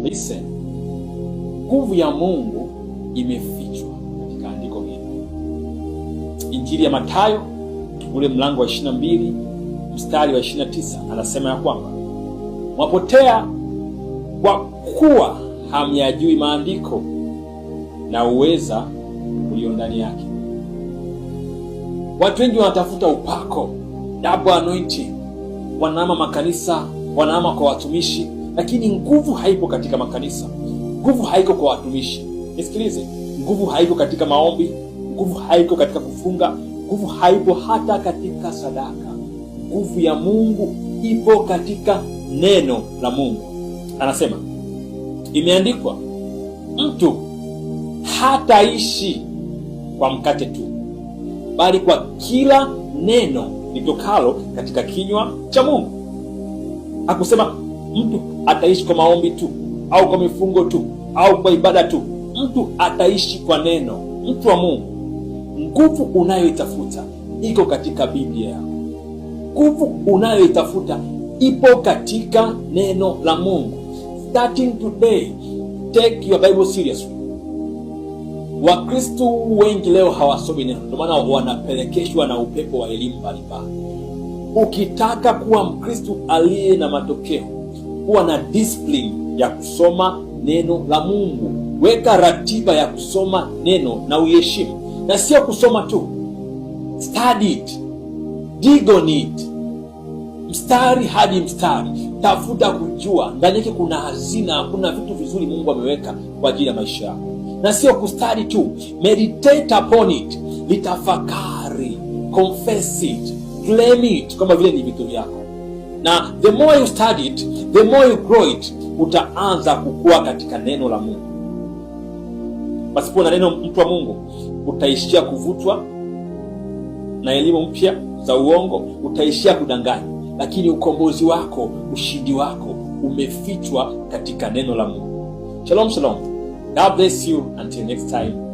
Listen, nguvu ya Mungu imefichwa katika andiko hili. Injili ya Mathayo ule mlango wa 22 mstari wa 29 anasema ya kwamba mwapotea kwa kuwa hamyajui maandiko na uweza ulio ndani yake. Watu wengi wanatafuta upako, double anointing, wanaama makanisa, wanaama kwa watumishi lakini nguvu haipo katika makanisa, nguvu haiko kwa watumishi. Nisikilize, nguvu haiko katika maombi, nguvu haiko katika kufunga, nguvu haipo hata katika sadaka. Nguvu ya Mungu ipo katika neno la Mungu. Anasema imeandikwa, mtu hataishi kwa mkate tu, bali kwa kila neno litokalo katika kinywa cha Mungu. akusema mtu ataishi kwa maombi tu au kwa mifungo tu au kwa ibada tu. Mtu ataishi kwa neno. Mtu wa Mungu, nguvu unayoitafuta iko katika Biblia yako. Nguvu unayoitafuta ipo katika neno la Mungu. Starting today, take your Bible seriously. Wakristo wengi leo hawasomi neno, ndio maana wanapelekeshwa na upepo wa elimu mbalimbali. Ukitaka kuwa Mkristo aliye na matokeo kuwa na discipline ya kusoma neno la Mungu. Weka ratiba ya kusoma neno na uiheshimu, na sio kusoma tu. Study it, dig on it, mstari hadi mstari, tafuta kujua. Ndani yake kuna hazina, kuna vitu vizuri Mungu ameweka kwa ajili ya maisha yako, na sio kustadi tu. Meditate upon it, litafakari, confess it, claim it, kama vile ni vitu vyako, na the more you study it the more you grow it, utaanza kukua katika neno la Mungu. Pasipo na neno, mtu wa Mungu, utaishia kuvutwa na elimu mpya za uongo, utaishia kudanganya. Lakini ukombozi wako, ushindi wako umefichwa katika neno la Mungu. Shalom, shalom. God bless you until next time.